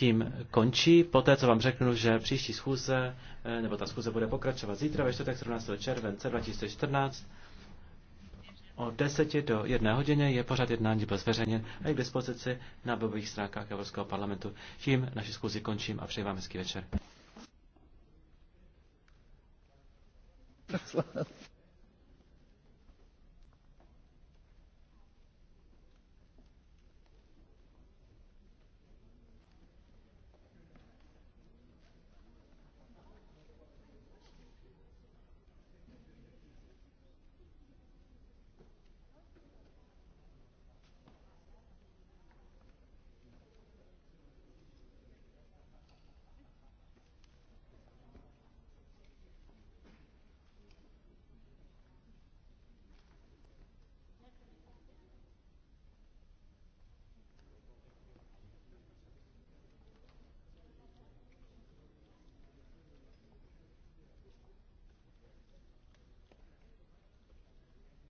tím končí. Poté, co vám řeknu, že příští schůze, eh, nebo ta schůze bude pokračovat zítra ve čtvrtek 17. července 2014, o 10 do 1 hodině je pořád jednání byl zveřejněn a je k dispozici na webových stránkách Evropského parlamentu. Tím naši schůzi končím a přeji vám hezký večer.